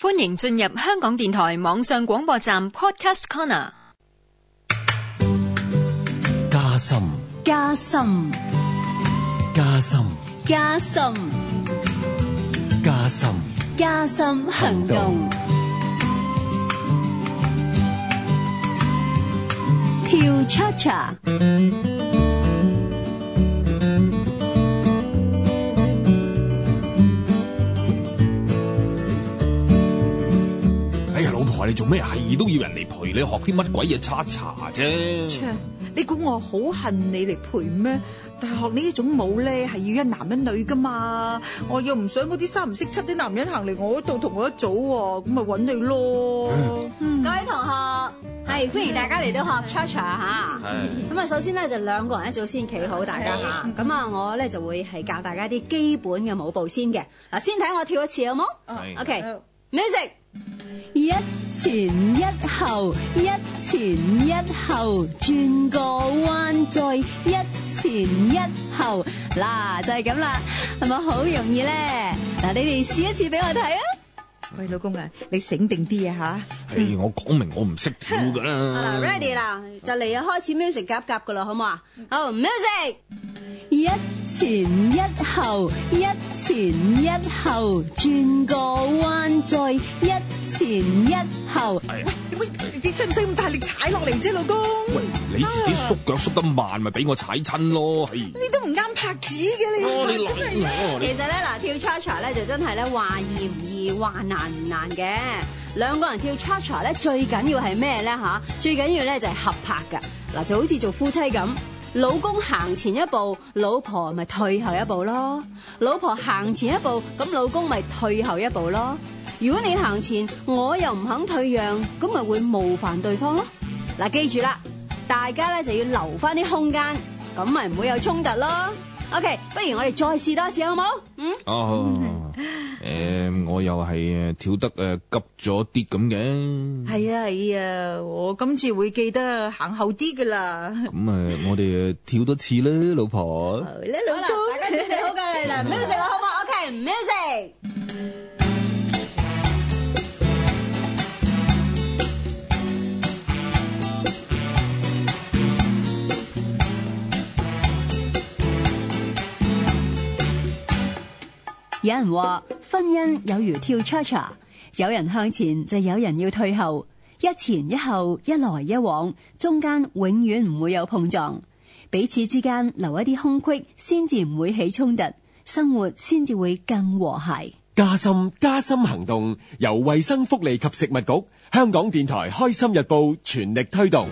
歡迎進入香港電台網上廣播站 Podcast Corner。加深，加深，加深，加深，加深，加深行動，跳 cha cha。哎呀，老婆，你做咩啊？係都要人嚟陪你學啲乜鬼嘢叉叉啫。你估我好恨你嚟陪咩？但係學呢一種舞咧，係要一男一女噶嘛、嗯。我又唔想嗰啲三唔識七啲男人行嚟我度同我一組喎、啊。咁咪搵你咯、嗯。各位同學，係歡迎大家嚟到學叉叉下！咁啊，首先咧就兩個人一組先企好，大家吓。咁啊，我咧就會係教大家啲基本嘅舞步先嘅。嗱，先睇我跳一次好冇？O K。Music。Okay, 一前一後，一前一後，轉個彎再一前一後，嗱就係咁啦，係咪好容易咧？嗱，你哋試一次俾我睇啊！喂，老公啊，你醒定啲啊吓！係、嗯哎、我講明我唔識跳噶啦。 嗱 Ready 啦， 就嚟要開始 music 夾夾噶啦，好唔好啊？好、mm-hmm. oh，music。一前一後，一前一後，轉個彎再一前一後。喂，喂喂，你真唔使咁大力踩落嚟啫，老公。喂，你自己縮腳縮得慢，咪俾我踩親咯。你都唔啱拍子嘅你。哦，你，哦你其實咧嗱，跳 cha cha 咧就真係咧話易唔易，話難唔難嘅。兩個人跳 cha cha 咧最緊要係咩咧吓？最緊要咧就係、是、合拍噶，嗱就好似做夫妻咁。老公行前一步，老婆咪退後一步咯；老婆行前一步，咁老公咪退後一步咯。如果你行前，我又唔肯退讓，咁咪會冒犯對方咯。嗱，記住啦，大家咧就要留翻啲空間，咁咪唔會有衝突咯。OK，不如我哋再試多次好冇？Oh, 嗯，哦好。誒、 嗯，我又係誒跳得誒急咗啲咁嘅。係啊係啊，我今次會記得行後啲噶啦。咁 我哋跳多次啦，老婆。好啦，老公，好嘅，嚟啦，music 啦，好唔好？OK，music。有人話婚姻有如跳 cha cha，有人向前就有人要退後，一前一後，一來一往，中間永遠唔會有碰撞，彼此之間留一啲空隙，先至唔會起衝突，生活先至會更和諧。加深家心行動由衛生福利及食物局、香港電台、開心日報全力推動。